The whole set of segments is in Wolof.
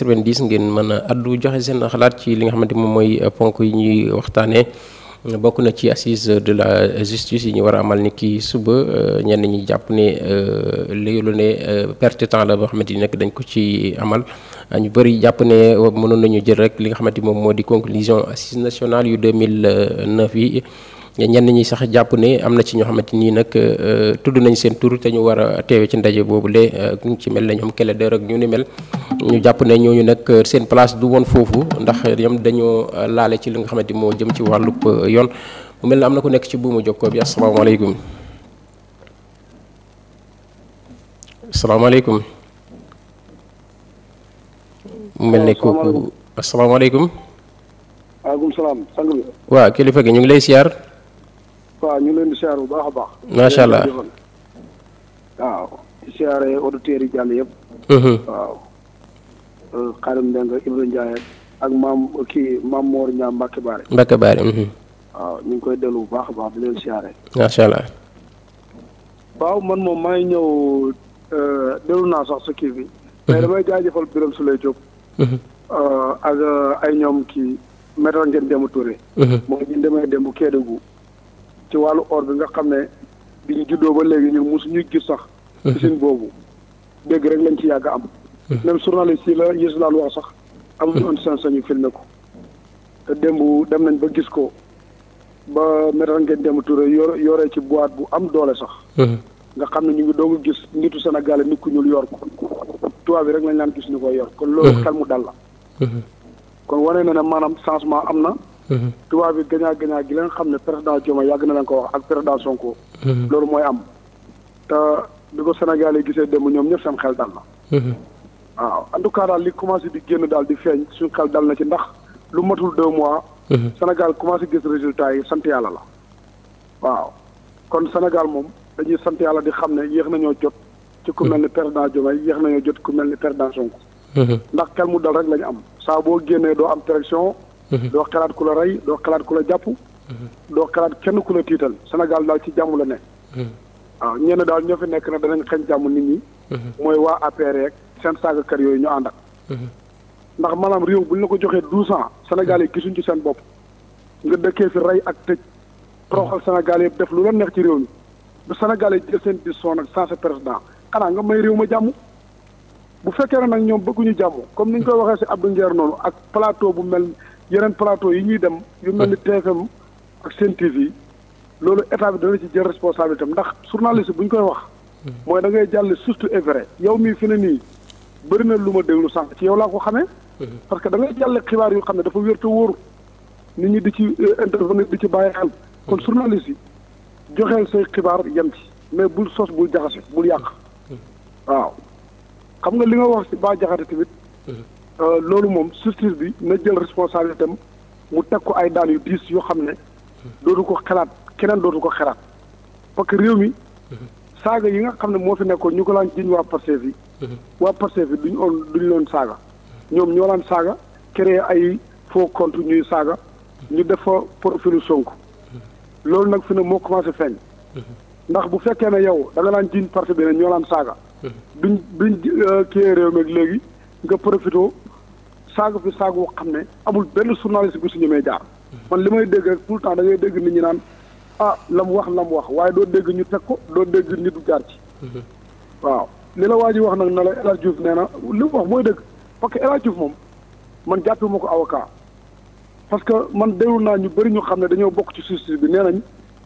90 ngeen mën a addu joxe seen xalaat ci li nga xamante moom mooy euh, ponk yi ñuy waxtaanee bokk na ci assise de la justice yi ñu war a amal ni ki suba euh, ñenn ñi jàpp ne euh, léegi ne perte temps la boo xamante nekk dañ ko ci amal ñu bëri jàpp ne mënoon nañu jël rek li nga xamante moom moo di conclusion assise nationale yu 2009 yi. ñenn ñi sax jàpp ni am na ci ñoo xamante nii nag euh, tudd nañ seen tur te ñu war a teewe ci ndaje boobu lee euh, ñu ci mel ne ñoom kele dër ak ñu ni mel ñu jàpp ne ñooñu nag euh, seen place du woon foofu ndax ñoom dañoo laale ci li nga xamante moo jëm ci wàllub yoon mu mel ni am na ku nekk ci buumu jokkoo bi asalaamaaleykum asalaamaaleykum mu mel ne kooku asalaamaaleykum. waaw kilifa gi ñu ngi lay siyaar. waaw ñu leen di siyaar bu baax a baax. macha allah waaw di siyaaree auditeurs yi jàll yëpp. Mm-hmm. waaw Xaadim euh, Mbengue Ibra Ndiaye ak maam kii maam Mor Ñaam Mbacke Baare. Mbacke Baare. Mm-hmm. waaw ñu ngi koy dellu bu baax a baax di leen siyaaree. macha allah. waaw man moom maa ngi ñëw euh, dellu naa sax sa kii bi. Mm-hmm. mais damay jaajëfal Birame Souleye Diop. Euh, ak ay ñoom kii maître ngeen Demba Touré. moom ñu demee Demba Kédougou. ci wàllu or bi nga xam ne bi ñu juddoo ba léegi ñun mosu ñuy gis sax. usine mhm. boobu dégg rek lañ ci yàgg am. Mhm. même journaliste yi la yéesu daan wax sax. amuñu mhm. woon sañ-sañ ko. démb dem nañ ba gis ko ba metal ngeen dem Touré yore yore ci boîte bu am doole sax. nga xam ne ñu ngi doog gis nitu Sénégal nit ku ñuul yor ko tubaab bi rek lañ naan gis ñu koy yor. kon loolu xel mu dal la. kon wane na ne maanaam changement am na Mm-hmm. tubaab bi gañaar gañaa gi leen xam ne président Diomaye yàgg na leen ko wax ak président Sonko. Mm-hmm. loolu mooy am te bi ko Sénégal yi gisee dem ñoom ñëpp seen xel dal na. Mm-hmm. waaw en tout cas daal li commencé di génn daal di feeñ suñu xel dal na ci ndax lu matul deux mois. Sénégal commencé gis résultat yi sant yàlla la. waaw kon Sénégal moom dañuy sant yàlla di xam ne yéex nañoo jot. ci ku mel ni président Diomaye yéex nañoo jot ku mel ni président Sonko. ndax xel mu dal la ñu am saa boo génnee doo am direction. Mm-hmm. doo xalaat ku la rey doo xalaat ku la jàpp. Mm-hmm. doo xalaat kenn ku la tiital senegal daal ci jàmm la ne. Mm-hmm. waaw ñenn daal ñoo fi nekk na danañ xañ jàmm nit ñi. mooy waa APR yeeg seen saagakat yooyu ñu ànd ak. ndax maanaam réew bu ñu la ko joxee dou ans Sénégal yi gisuñ ci seen bopp nga dëkkee fi rey ak tëj toroxal Sénégal yëpp def lu la neex ci réew mi bu Sénégal yi jël seen décision nag sans ce président xanaa nga may réew ma jàmm. bu fekkee ne nag ñoom bëgguñu jàmm comme ni ñu koy waxee si Abdou Nguer noonu ak plateau bu mel yeneen plateau yi ñuy dem. yu mel ni TFM ak Sen TV loolu état bi dana ci jël responsabilité am ndax journaliste bu ñu koy wax. Mm. mooy da ngay jàll surtout est vrai. yow mii fi ne nii bëri na lu ma déglu sànq ci yow laa ko xamee. Mm. parce que da ngay jàll xibaar yoo xam ne dafa wér te wóoru nit ñi di ci euh, intervenir di ci bàyyi xel. kon mm. journaliste yi joxeel say xibaar yem ci. mais bul sos bul jaxase bul yàq. waaw xam nga li nga wax ci Bah Diakhaté tamit. Euh, loolu moom justice bi na jël responsabilité am mu teg ko ay daan yu diis yoo xam ne dootu ko xalaat keneen dootu ko xalaat parce que réew mi saaga yi nga xam ne moo fi nekkoon ñu ko laan jiñ waa Pastef yi waa Pastef yi duñu oon duñu loon saaga ñoom ñoo laan saaga créer ay faux compte ñuy saaga ñu def fa profilu Sonko loolu nag fi ne moo commencé feeñ ndax bu fekkee ne yow da nga laan jiñ parti bi ne ñoo laan saaga duñ duñ euh, kii réew mi léegi nga profité saaga fi saaga woo xam ne amul benn journaliste bu si ñemee jaar. man li may dégg rek tout le temps da ngay dégg nit ñi naan ah la mu wax la mu wax waaye doo dégg ñu teg ko doo dégg nit du jaar ci. Mhm. waaw li la waa ji wax nag na la El Hadj Diouf nee na li mu wax mooy dëgg parce que El Hadj moom man jàppuma ko avocat. parce que man déglu naa ñu bëri ñu xam ne dañoo bokk ci justice bi nee nañ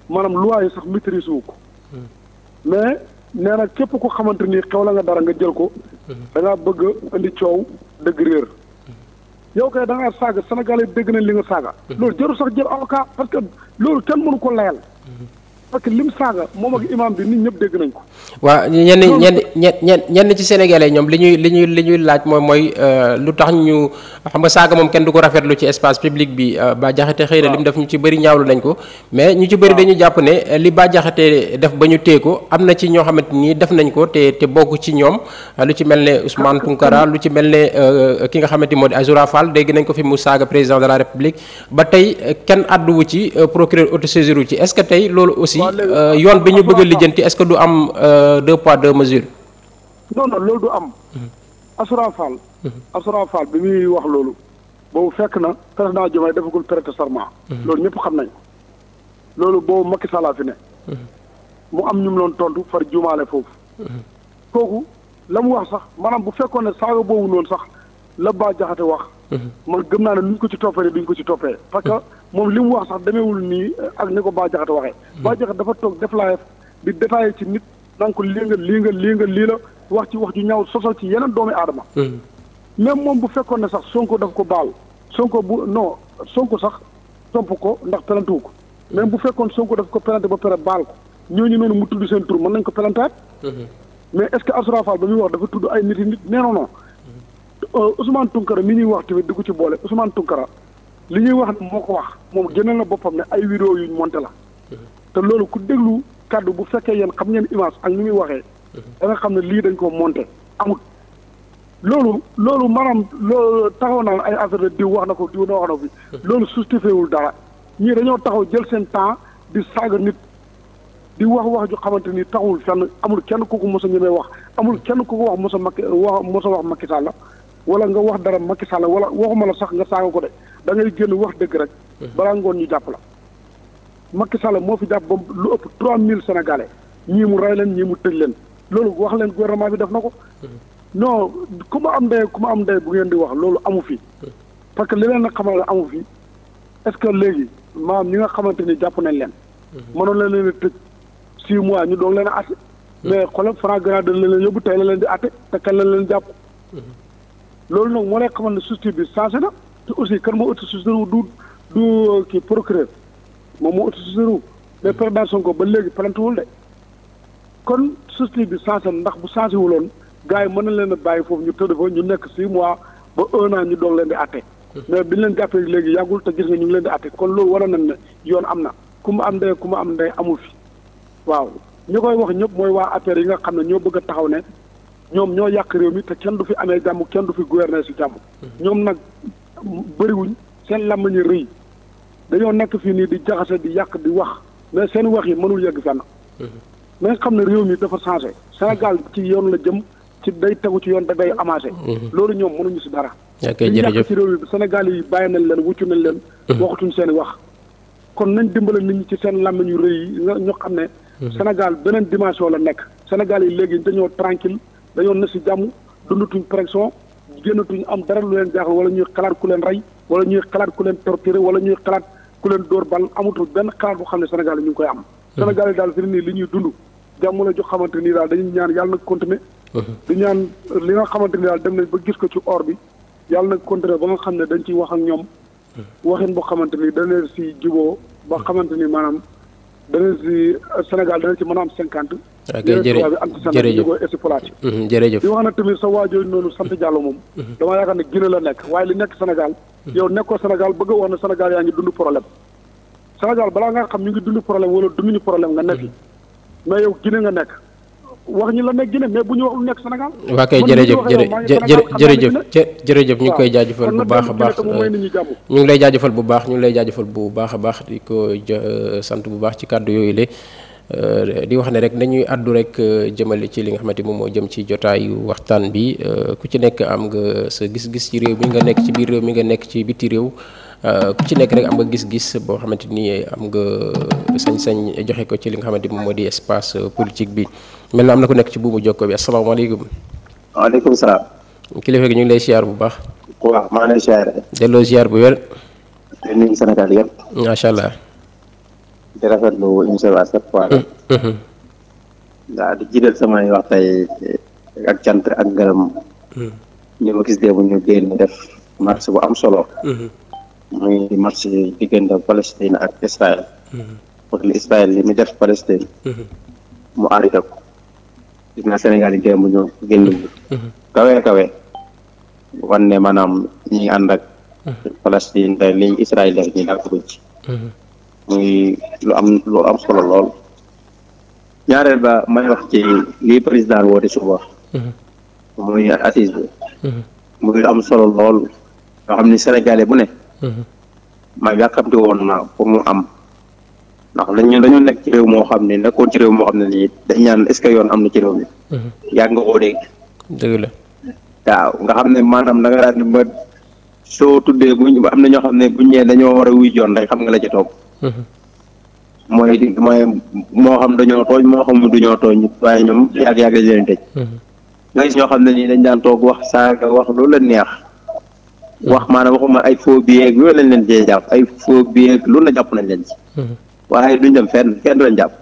maanaam loi yi sax maîtrise wu ko mhm. mais. nee na képp ku xamante ni xew la nga dara nga jël ko mhm. da bëgg indi coow dëgg réer mhm. yow kay da ngaa saaga Sénégal yi dégg nañ li nga saaga mhm. loolu jarul sax jël avocat parce que loolu kenn mënu ko layal parce que lim saaga moom ak imaam bi nit ñëpp dégg nañ ko. waaw ñenn ñenn ñenn ñenn ci sénégalais ñoom li ñuy li ñuy li ñuy laaj moom mooy euh, lu tax ñu xam nga saaga moom kenn du ko rafetlu ci espace public bi euh, ba jaxate xëy na lim def ñu ci bëri ñaawlu nañ ko. mais ñu ci bëri dañu jàpp ne euh, li ba jaxate def ba ñu téye ko am na ci ñoo xamante nii def nañ ko te te bokk ci ñoom lu ci mel ne Ousmane ah, Tounkara ah. lu ci mel ne ki nga xamante moo di Azoura Fall dégg nañ ko fi mu saaga président de la république ba tey kenn àdduwu ci procureur autosaisir wu ci est-ce que aussi euh, yoon bi ñu bëgg a lijjanti est-ce que du am euh, deux poids deux mesures. non non loolu du am. Mhm. Assoura mhm. Fall. bi muy wax loolu. boobu fekk na président Diomaye defagul prêter serment. Mhm. loolu ñëpp xam nañ loolu boobu Macky Sall fi mu am ñu mu doon tontu far juumaale foofu. kooku la mu wax sax maanaam bu fekkoon ne saaga boobu noonu sax. la Bah Diakhaté wax. Mm-hmm. man gëm naa ne luñ ko ci toppee duñ ko ci toppee. parce que mm-hmm. moom li mu wax sax demeewul nii ak ne ko Bah Diakhaté waxee. Mm-hmm. Bah Diakhaté dafa toog def live di détaillé ci nit naan ko lii nga lii nga lii nga la wax ci wax ju ñaw sosal ci yeneen doomi aadama. même moom bu fekkoon ne sax Sonko daf ko baal Sonko bu no Sonko sax topp ko ndax pelante wu ko même bu fekkoon Sonko daf ko pelante ba pare baal ko ñoo ñooñu noonu mu tudd seen tur mën nañ ko pelantaat. mais est-ce que Assoura Fall ba muy tudd ay nit nit nee non Euh, Ousmane Tounkara mi ñuy wax tamit ko ci boole Ousmane Tounkara li ñuy wax moo ko wax moom génne na boppam ne ay vidéo yuñ monté la te loolu ku déglu kàddu bu fekkee yéen xam ngeen image ak ni muy waxee da nga xam ne lii dañ koo monté amul loolu loolu maanaam loolu taxaw naa ay affaire de diw wax na ko diw na wax na ko fi loolu justifiewul dara ñii dañoo taxaw jël seen temps di saaga nit di wax wax ju xamante ni taxawul fenn amul kenn ku ko mos a ñemee wax amul kenn ku ko wax mos a Macky wax mos a wala nga wax dara makki Sall wala waxuma la sax nga saaga ko de da ngay génn wax dëgg rek. Mhm. balaa ngoon ñu jàpp la. Macky Sall moo fi jàpp ba lu ëpp mille sénégalais ñii mu rey leen ñii mu tëj leen loolu wax leen gouvernement bi def na ko. Mhm. non ku ma am ndey ku ma am ndey bu ngeen di wax loolu amu fii mhm. parce que li leen a xamal amu fi est-ce que léegi maam ñi nga xamante ni jàpp nañ leen. mënoon na leen a tëj 6 mois ñu doog leen a àtte. mais xoolal Fra Ganaar dañ leen yóbbu tey la leen di àtte te kañ la leen jàpp. loolu nag moo lay xamal na structure bi changé na te aussi kan moo autosuffisant wu du du kii procureur moom moo autosuffisant wu mais président Sonko ba léegi palantuwul de kon structure bi changé na ndax bu changé wuloon gars yi mën na leen bàyyi foofu ñu tëdd fa ñu nekk six mois ba un an ñu doog leen di àtte mais bi leen jàppee léegi yàggul te gis nga ñu ngi leen di àtte kon loolu waroon nañ ne yoon am na ku mu am ndey ku mu am ndey amul fi waaw ñu koy wax ñëpp mooy waa affaire yi nga xam ne ñoo bëgg a taxaw ne ñoom ñoo yàq réew mi te kenn du fi amee jàmm kenn du fi gouverner si jàmm. ñoom nag bëriwuñ seen làmmiñ rëy dañoo nekk fii nii di jaxase di yàq di wax mais seen wax yi mënul yegg fenn. Mhm. mais xam ne réew mi dafa changé. Sénégal ci yoon la jëm ci day tegu ci yoon te day avancé. Mhm. loolu ñoom mënuñu si dara. ok jërëjëf ci réew mi Sénégal yi bàyyi nañ leen wuccu nañ leen. Mhm. waxatuñ seen wax. kon nañ dimbale nit ñi ci seen làmmiñ yu rëy ñoo xam ne. Sénégal beneen dimension la nekk. Sénégal yi léegi dañoo tranquille dañoon na si jàmm dundatuñ pression génnatuñu am dara lu leen jaaxal wala ñuy xalaat ku leen rey wala ñuy xalaat ku leen torturer wala ñuy xalaat ku leen dóor bal amatul benn xalaat boo xam ne Sénégal ñu ngi koy am. Sénégal yi daal fi nii li ñuy dund jàmm la xamante ni daal dañuy ñaan yàlla na continuer. di ñaan li nga xamante ni daal dem nañ ba gis ko ci ore bi yàlla na continuer ba nga xam ne dañ ciy wax ak ñoom. waxin boo xamante ni dana si juboo ba xamante ni maanaam dana si Sénégal dana ci mën a am cinquante ok jërëjëf mhm, mhm, jërëjëf di wax nag tamit sa waajooju noonu sant Diallo moom mhm. damaa yaakaar ne Guinée la nekk waaye li nekk Sénégal yow nekkoo Sénégal bëgg a wax ne Sénégal yaa ngi dund problème Sénégal balaa nga xam ñu ngi dund problème wala dunduñu problème nga nekk mais yow Guinée nga nekk wax ñi la nekk Guinée mais bu ñu wax lu nekk Sénégal waa kay jërëjëf jërëjëf jërëjëf ñu ngi koy jaajëfal bu baax a baax ñu ngi lay jaajëfal bu baax ñu ngi lay jaajëfal bu baax a baax di ko sant bu baax ci kàddu yooyu Euh, di wax ne rek nañuy àddu rek euh, jëmale ci li nga xamante moom moo jëm ci jotaayu waxtaan bi euh, ku ci nekk am nga sa gis-gis ci réew mi nga nekk ci biir réew mi nga nekk ci biti réew ku ci nekk rek am nga gis-gis boo xamante nii am nga sañ-sañ joxe ko ci li nga xamante moom moo di espace politique bi mel na am na ku nekk ci buumu jokko bi asalaamaaleykum. waaleykum salaam. kilifa gi ñu ngi lay ziar bu baax. waaw maa ngi lay ziar. delloo ziar bu wér. di nuyu yëpp. macha allah. di rafetlu émission bi à chaque mm-hmm. mm-hmm. di jiital samay wax ak cant ak ngërëm. ñu mm-hmm. gis dee bu ñu génn def marche bu am solo. muy marche diggante Palestine ak Israël. pour li Israël li def Palestine. mu arrêté ko. gis naa Sénégal yi démb ñu génn. kawe kawe. wan ne ñi ànd ak. Palestine te li def ñu dàq ci. muy lu am lu am solo lool ñaareel ba may wax ci lii président woote suba mhm. muy assise bi mhm. muy lu am solo lool yoo xam ni sénégalais bu ne mhm. ma yàkkamti woon na pour mu am ndax dañu dañu nekk ci réew moo xam ne nekkoon ci moo xam ne nii dañ naan est-ce que yoon am na ci réew mi yàgg nga koo dégg waaw nga xam ne maanaam da nga daan ba soo tuddee buñ am na ñoo xam ne buñ ñee dañoo war a wuy joon rek xam nga la ci toog Mm-hmm. mooy di mooy moo xam dañoo tooñ moo xam duñoo tooñ waaye ñoom yàgg yàgg dañ leen tëj. Mm-hmm. nga gis ñoo xam ne nii dañ daan toog wax saaga wax loolu la neex. Mm-hmm. wax maanaam waxuma ay faux billets ak yooyu lañ leen cee jàpp ay faux billets ak lu la jàpp nañ leen ci. waaye duñ dem lañ jàpp.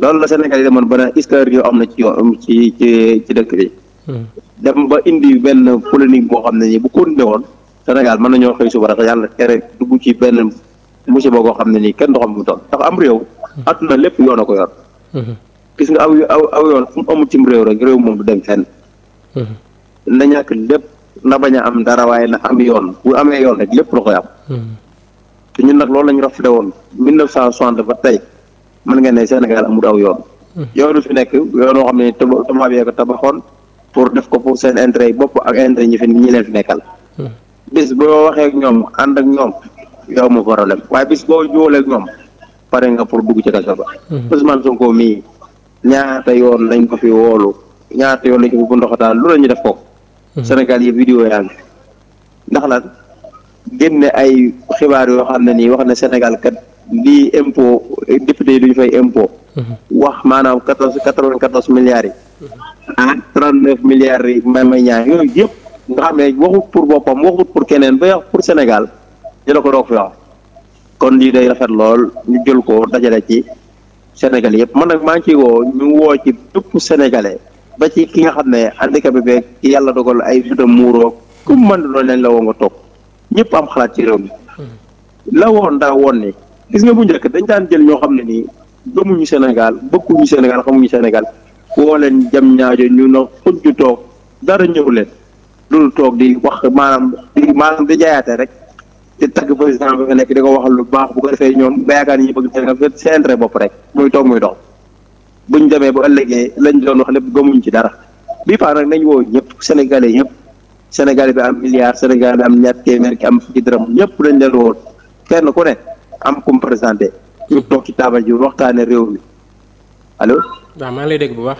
loolu la Sénégal yi demoon ba ne est-ce am na ci yoon ci ci ci dëkk bi. dem ba indi benn polémique boo xam ne nii bu continué woon Sénégal mën nañoo xëy suba rek yàlla tere dugg ci benn. musiba boo ko xam ne nii kenn doxam mu toll ndax am réew hmm. àdduna lépp yoon a ko yor hmm. gis nga aw aw aw yoon fu mu hmm. na ñàkk lépp na bañ am dara waaye na am yoon bu amee yoon rek lépp la koy am te ñun loolu la ñu rafetlu woon mille neuf cent soixante ba tey mën nga ne Sénégal amul aw fi nekk yoonoo xam ne tubaab yee ko tabaxoon pour def ko pour seen intérêt yi bopp ak intérêt ñi fi ñi leen fi nekkal bis boo waxee ak ñoom ànd ak ñoom yow mu problème waaye bis boo jóoleeg ñoom pare nga pour dugg ci kaso ba mhm. Ousmane Sonko mii ñaata yoon lañ ko fi woolu ñaata yoon lañ ko fi bu ndoxataan lu la ñu def ko mhm. Sénégal yi vidéo yaa ngi ndax lan génne ay xibaar yoo xam ne nii wax ne Sénégal kat lii impôt député yi duñu fay impôt mhm. wax maanaam quatorze quatre-vingt-quatorze milliards yi ah trente-neuf milliards yi may may ñaar yooyu yëpp nga xam waxut pour boppam waxut pour keneen ba wax pour jëla ko doog fi wax kon lii day rafet lool ñu jël ko dajale ci Sénégal yëpp man nag maa ngi ciy woo ñu woo ci bépp sénégalais ba ci ki nga xam ne handicapé beeg ki yàlla dogal ay sutam muuroo ku mën doon lañ la woo toog ñëpp am xalaat ci réew mi hmm. la woon daa ni gis nga bu njëkk dañ daan jël ñoo xam ne nii gëmuñu Sénégal bëgguñu senegal xamuñu senegal woo leen jam ñaajo ñu na xujju toog dara ñëw leen loolu toog di wax maanaam di maanaam di jaayaate rek di tagg président bi nga nekk di ko waxal lu baax bu ko defee ñoom ba yaakaar yi bëgg Sénégal seen intérêt bopp rek muy toog muy dox buñ demee ba ëllëgee lañ doon wax lépp gëmuñ ci dara bii paa nag nañ woo ñëpp sénégalais ñëpp sénégalais bi am milliard sénégalais bi am ñaar téeméer ki am fukki dërëm ñëpp lañ leen woo kenn ku ne am ku mu présenté ñu toog ci taabal ji waxtaane réew mi allo. waaw maa ngi dégg bu baax.